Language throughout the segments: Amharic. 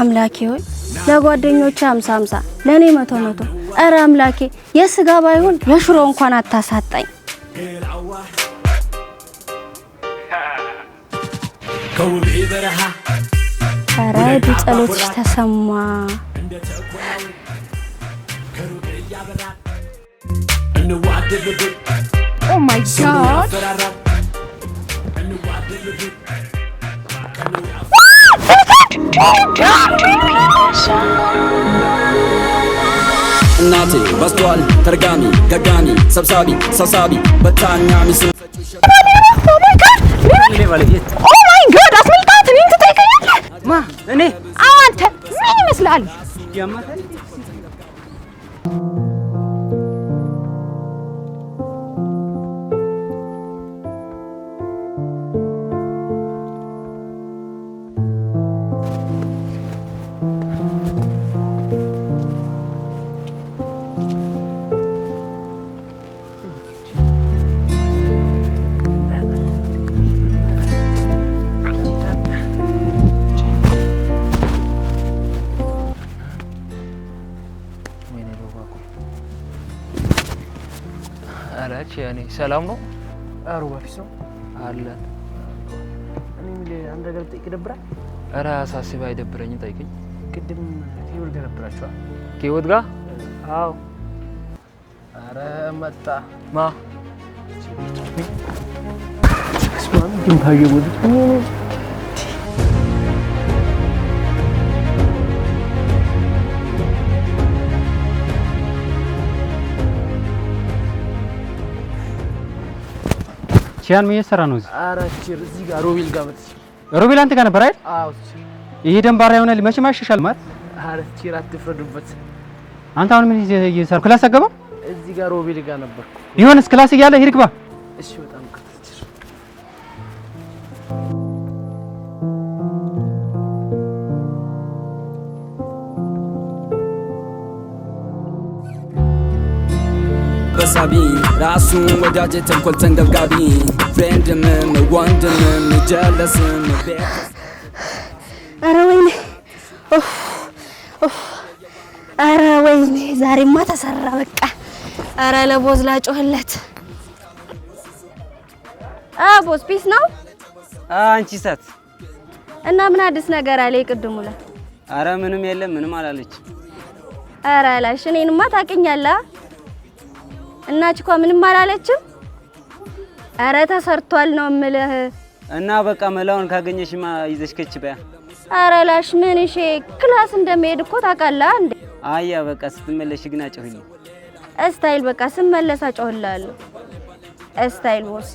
አምላኬ ሆይ ለጓደኞቼ አምሳ አምሳ ለእኔ መቶ መቶ እረ አምላኬ የስጋ ባይሆን የሽሮ እንኳን አታሳጣኝ። ኧረ ጸሎትሽ ተሰማ። ኦ ማይ ጋድ እናቴ በስተዋል ተርጋሚ ገጋሚ ሰብሳቢ ሰብሳቢ በታኛ ሚስ አስመልጣት እኔ? ምን ሰላም ነው? አሩ በፊት ነው አለን። እኔ የምልህ አንድ ነገር ብጠይቅ ይደብራል? ኧረ አይደብረኝም፣ ጠይቅኝ። ቅድም ከህይወት ጋር ነበራችኋል? ከህይወት ጋር? አዎ። መጣ ማ ስማ ግን ታየ ሲያን ምን እየሰራ ነው እዚህ? ኧረ እዚህ ጋር ሮቤል ጋር መጥቼ። ሮቤል አንተ ጋር ነበር አይደል? አዎ። ይሄ ደንባራ የሆነ ልጅ መቼም አይሻሻል ማለት። ኧረ ቺራ አትፍረዱበት። አንተ አሁን ምን እየሰራ ክላስ አገባ? እዚህ ጋር ሮቤል ጋር ነበርኩ። ይሁንስ ክላስ እያለ ሂድ ግባ። እሺ አሳቢ ራሱን ወዳጅ ተንኮል ተንገብጋቢ ፍሬንድምም ወንድምም ጀለስም ኧረ ወይኔ ኧረ ወይኔ ዛሬማ ተሰራ በቃ ኧረ ለቦዝ ላጮህለት ቦዝ ፒስ ነው አንቺ ሰት እና ምን አዲስ ነገር አለ የቅድሙ ላይ ኧረ ምንም የለም ምንም አላለች ኧረ አላሽ እኔንማ ታውቂኛለህ እናችኳ ምንም አላለችም። አረ ተሰርቷል ነው ምልህ እና በቃ መላውን ካገኘሽማ ይዘሽ ከች በያ። አረ ላሽ ምን እሺ፣ ክላስ እንደሚሄድ እኮ ታውቃለህ እንዴ? አያ በቃ ስትመለሽ ግን አጨሁልኝ። እስታይል በቃ ስመለስ አጨሁላለሁ። እስታይል ቦስ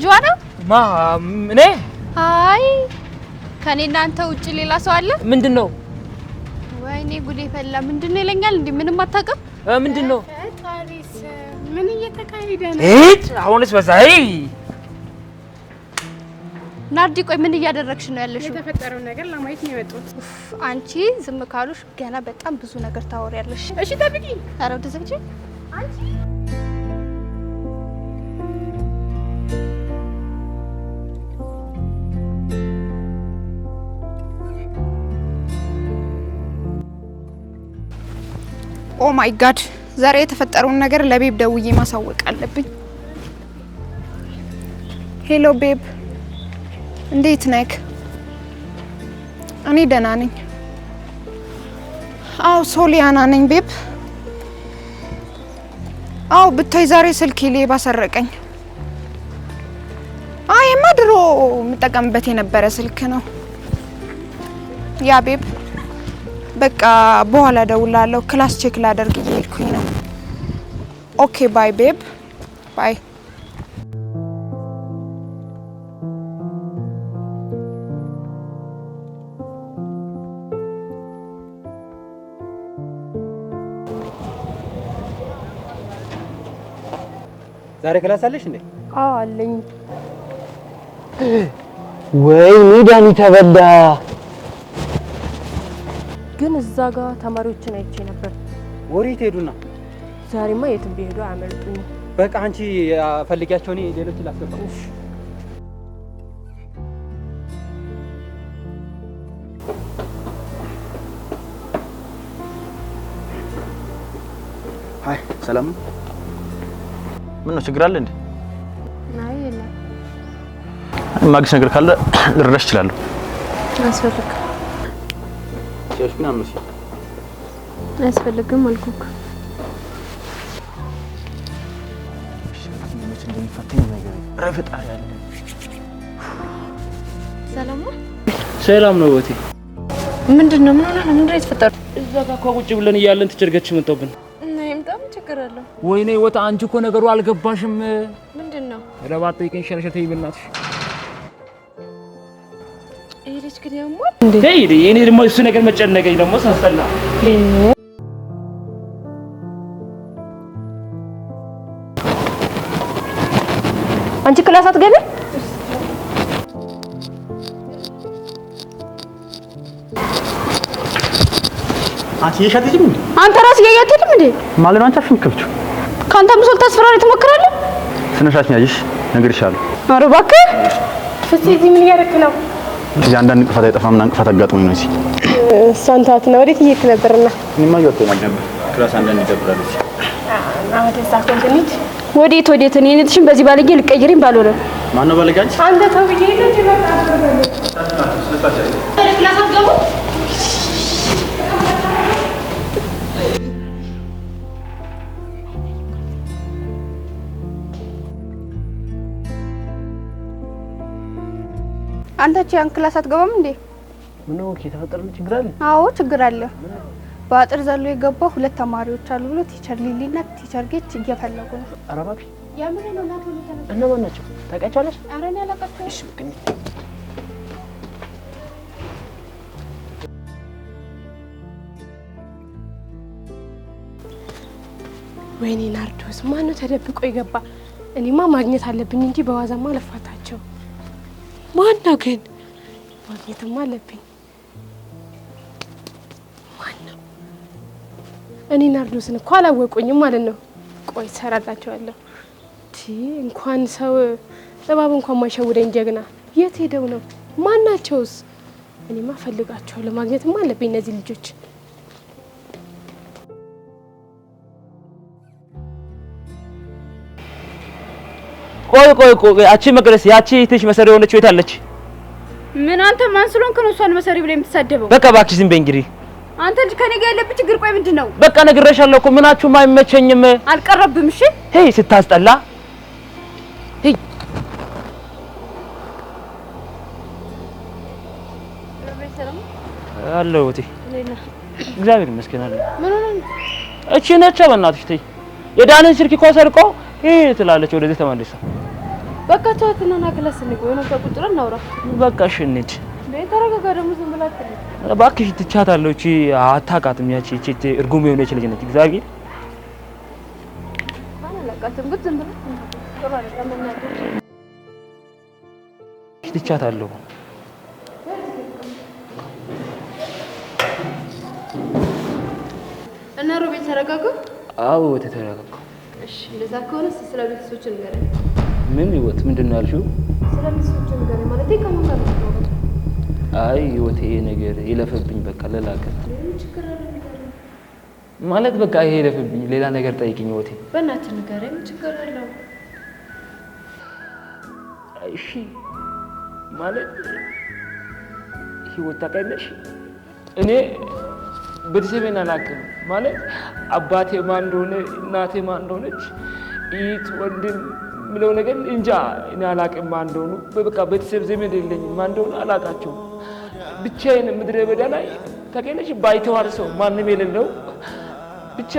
ልጇ ማ እኔ? አይ ከኔ እናንተ ውጭ ሌላ ሰው አለ? ምንድን ነው? ወይኔ ጉዴ ፈላ። ምንድን ነው ይለኛል እንዴ? ምንም አታውቅም? ምንድን ነው? ምን እየተካሄደ ነው? እት አሁንስ በዛ። አይ ናርዲ፣ ቆይ ምን እያደረግሽ ነው የተፈጠረው ነገር ለማየት ነው የመጡት። አንቺ ዝም ካሉሽ ገና በጣም ብዙ ነገር ታወሪያለሽ። እሺ ጠብቂ። ኧረ ወደ አንቺ ኦ ማይ ጋድ! ዛሬ የተፈጠረውን ነገር ለቤብ ደውዬ ማሳወቅ አለብኝ። ሄሎ ቤብ፣ እንዴት ነክ? እኔ ደህና ነኝ። አው ሶሊያና ነኝ ቤብ። አው ብታይ ዛሬ ስልክ ሌባ ሰረቀኝ። አይ ማድሮ የምጠቀምበት የነበረ ስልክ ነው ያ ቤብ በቃ በኋላ ደውላለሁ። ክላስ ቼክ ላደርግ እየሄድኩኝ ነው። ኦኬ ባይ ቤብ ባይ። ዛሬ ክላስ አለሽ እንዴ? አዎ አለኝ። ወይ ሚዳኒ ተበላ ግን እዛ ጋ ተማሪዎችን አይቼ ነበር። ወዴት ሄዱና? ዛሬማ የትም ቢሄዱ አያመልጡኝ። በቃ አንቺ ፈልጊያቸው፣ እኔ ሌሎች ላስገባ። ሀይ፣ ሰላም ምን ነው ችግር አለ እንዴ? አይ ነገር ካለ ልረዳሽ እችላለሁ። አስፈልግ ጥያቄዎች ግን አምስት አያስፈልግም አልኩክ። ሰላም ነው ወቴ። ምንድን ነው ምን ሆነ ነው? ምንድን ነው እዛ ጋር እኮ ቁጭ ብለን እያለን ትጨርገች መጣብን። ወይኔ አንቺ እኮ ነገሩ አልገባሽም። ምንድን ነው? ጠይቀኝ ግን ያሟል እንዴ? እኔ ደግሞ እሱ ነገር መጨነቀኝ ደግሞ ሳስጠላ አንቺ ክላስ አትገቢ። አንቺ የሻት ምን? አንተ ራስህ የያት እንዴ? ማለት ነው አንቺ አፍንከብቹ ካንተ ምስል ተስፈራሪ ትሞክራለህ። ስነሻት ነያይሽ ነገር ይሻላል። እባክህ ፍፄ፣ እዚህ ምን እያደረክ ነው? እዚህ አንዳንድ እንቅፋት አይጠፋም እና እንቅፋት አጋጥሞኝ ነው። እዚህ ሳንታት ነው ወዴት እየሄድክ ነበርና? እኔማ እየወጣሁ ነበር። ክላስ አንዳንድ ይደብራል። ወዴት ወዴት? እኔ እህትሽን በዚህ ባለጌ ልቀይሪኝ ባልሆነ ማነው ባለጌ አንቺ አንተ ተው ብዬሽ የለ አንተች ያን ክላስ አትገባም እንዴ? ምን ነው የተፈጠረ ችግር አለ? አዎ ችግር አለ። በአጥር ዘሎ የገባ ሁለት ተማሪዎች አሉ ብሎ ቲቸር ሊሊና ቲቸር ጌች እየፈለጉ ነው። ኧረ እባክሽ ያምነው ነው ናቶ ነው እና ማን ናቸው ታውቂያቸዋለሽ? ኧረ እኔ አላውቃቸውም። እሺ ብቅ ወይኔ ናርዶስ፣ ማን ነው ተደብቆ የገባ? እኔማ ማግኘት አለብኝ እንጂ በዋዛማ አለፋታል ማን ነው ግን? ማግኘትም አለብኝ። ማን ነው? እኔ ናርዶስን እኮ አላወቁኝም ማለት ነው። ቆይ ሰራላቸዋለሁ። እንኳን ሰው እባብ እንኳን ማይሸውደኝ ጀግና። የት ሄደው ነው? ማናቸውስ? እኔማ ፈልጋቸው ለማግኘትም አለብኝ እነዚህ ልጆች ቆይ ቆይ ቆይ፣ አቺ መቅደስ ያቺ ትንሽ መሰሪ የሆነች ቤት አለች። ምን አንተ ማን ስለሆንክ ነው እሷን መሰሪ ብለህ የምትሳደበው? በቃ እባክሽ ዝም በይ እንግዲህ። አንተ ልጅ ከኔ ጋር ያለብህ ችግር ቆይ ምንድን ነው? በቃ ነግሬሻለሁ እኮ ምናችሁም አይመቸኝም። አልቀረብም። እሺ ሄይ፣ ስታስጠላ ሄይ አለው እቴ እግዚአብሔር ይመስገን። አለ ምን ሆነ? እቺ ነች በእናትሽ ተይ። የዳንን ስልክ እኮ ሰርቆ ይሄ ትላለች ወደዚህ ተመልሳ በቃ ቻው፣ ተናናግለስ ነው የሆነ ቁጭ እናውራ። በቃ እሺ እንሂድ። ተረጋጋ። ደግሞ ዝም ብላ እባክሽ፣ ትቻታለሁ። እቺ አታውቃትም። ያቺ እቺ እርጉም የሆነች ልጅ ነች። እግዚአብሔር ትቻታለሁ። እና ሮቤል ተረጋጋ። አዎ ተረጋጋ። እሺ፣ እንደዛ ከሆነ ስለ ቤተሰቦችን ንገረኝ ምን ህይወት? ምንድን ነው ያልሽው? አይ ይሄ ነገር የለፈብኝ። በቃ ለላከ ማለት በቃ ይሄ የለፈብኝ። ሌላ ነገር ጠይቅኝ ህይወቴ። በእናትህ ንገረኝ፣ ችግር አለው እሺ ማለት ህይወት ታውቂያለሽ፣ እኔ ቤተሰቤን አላውቅም። ማለት አባቴ ማን እንደሆነ እናቴ ማን እንደሆነች፣ ይት ወንድም የምለው ነገር እንጃ እኔ አላቅም። ማን እንደሆኑ በቃ ቤተሰብ ዘመድ የለኝም። ማን እንደሆኑ አላቃቸውም። ብቻዬን ምድረ በዳ ላይ ታውቂያለሽ፣ ባይተዋር ሰው ማንም የሌለው ብቻ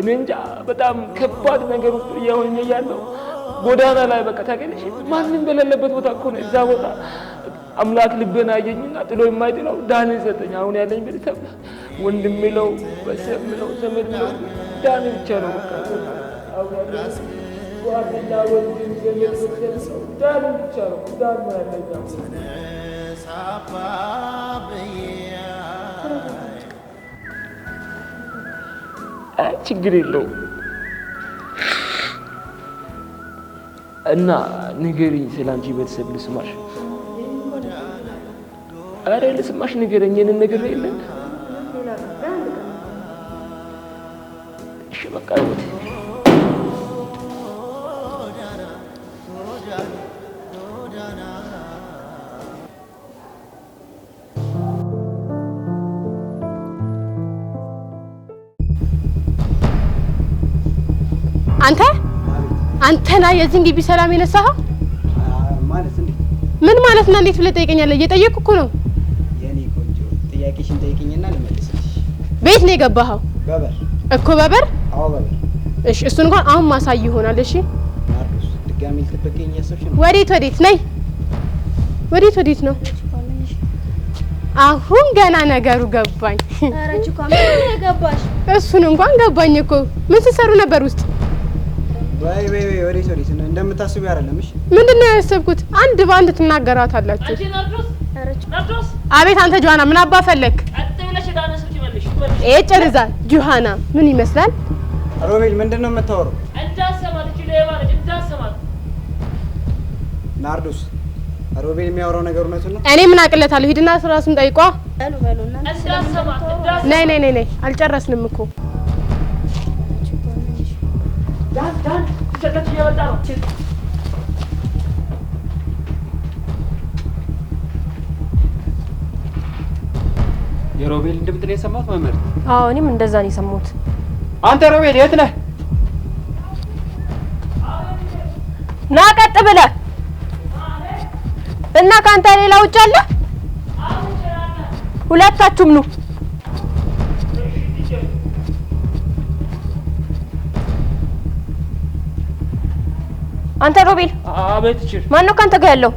እኔ እንጃ። በጣም ከባድ ነገር ውስጥ እያሆኝ ያለው ጎዳና ላይ በቃ ታውቂያለሽ፣ ማንም በሌለበት ቦታ እኮ ነው። እዛ ቦታ አምላክ ልቤን አየኝና ጥሎ የማይጥለው ዳን ሰጠኝ። አሁን ያለኝ ቤተሰብ ወንድም ለው በሰብ ለው ዘመድ ለው ዳን ብቻ ነው በቃ ችግር የለው እና ንገሪኝ፣ ስለአንቺ ቤተሰብ ልስማሽ። አረ ልስማሽ፣ ንገረኝ። እኔን ነገር የለን። እሺ በቃ አንተ አንተና የዚህ ግቢ ሰላም የነሳኸው ማለት እንዴ? ምን ማለት ነው? እንዴት ብለህ ጠይቀኛለህ? እየጠየቅኩ እኮ ነው። የኔ ቆንጆ ጥያቄሽን ጠይቀኝና ልመልስልሽ። ቤት ነው የገባኸው? በበር እኮ በበር። አዎ በበር። እሺ፣ እሱን እንኳን አሁን ማሳይ ይሆናል። እሺ፣ ማርኩስ ድጋሚ ልትበቀኝ ያሰብሽ ነው? ወዴት ወዴት? ነይ፣ ወዴት ወዴት ነው? አሁን ገና ነገሩ ገባኝ። ገባሽ? እሱን እንኳን ገባኝ እኮ ምን ስትሰሩ ነበር ውስጥ ወይ ወይ ወይ ወዴት አይደለም። እሺ ምንድን ነው ያሰብኩት? አንድ በአንድ ትናገራት አላችሁ። አቤት አንተ ጆሃና ምን አባ ፈለክ? ጭርዛ ጆሃና ምን ይመስላል? ሮቤል ምንድን ነው የምታወራው? ናርዶስ ሮቤል የሚያወራው ነገር እውነቱን ነው። እኔ ምን አቅለታለሁ? ሂድና ስራሱን ጠይቋ። ነይ ነይ ነይ፣ አልጨረስንም እኮ ሸቀጥ እየመጣ ነው። የሮቤል ድምፅ ነው የሰማሁት መምህር? አዎ እኔም እንደዛ ነው የሰማሁት። አንተ ሮቤል የት ነህ? ና ቀጥ ብለህ እና ከአንተ ሌላ ውጭ አለ? ሁለታችሁም ኑ አንተ ሮቤል። አቤት። ችር ማን ነው ካንተ ጋር ያለው?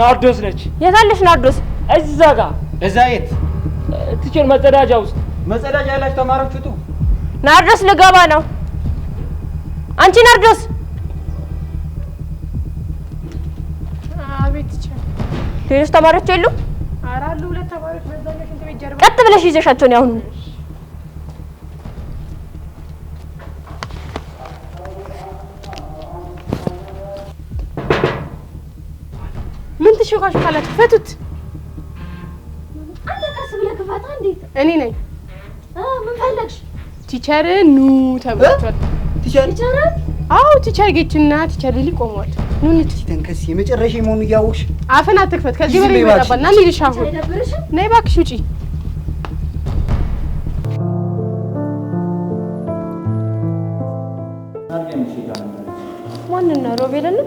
ናርዶስ ነች። የታለች ናርዶስ? እዛ ጋ። እዛ የት? ትችል መጸዳጃ ውስጥ። መጸዳጃ ያላችሁ ተማሪዎች ውጡ። ናርዶስ ልገባ ነው። አንቺ ናርዶስ። አቤት። ትችል ሌሎች ተማሪዎች የሉ? አራሉ ሁለት ተማሪዎች መዘነሽ እንትቤት ጀርባ። ቀጥ ብለሽ ይዘሻቸው ነው ያሁኑ ሽጓሽ ካላችሁ ፈቱት። አንተ ቀስ ብለህ ክፋታ። እንዴት እኔ ነኝ። ምን ፈለግሽ? ቲቸር ኑ ተብሏቸዋል። ቲቸር አዎ፣ ቲቸር ጌችና ቲቸር ሊሊ ቆመዋል። ኑ እንሂድ። ተንከስ የመጨረሻ መሆኑ እያወቅሽ አፍን አትክፈት። ከዚህ በላይ ይመጣባል። ና እንሂድ። አሁን ነይ እባክሽ ውጪ ማንና ሮቤል ነው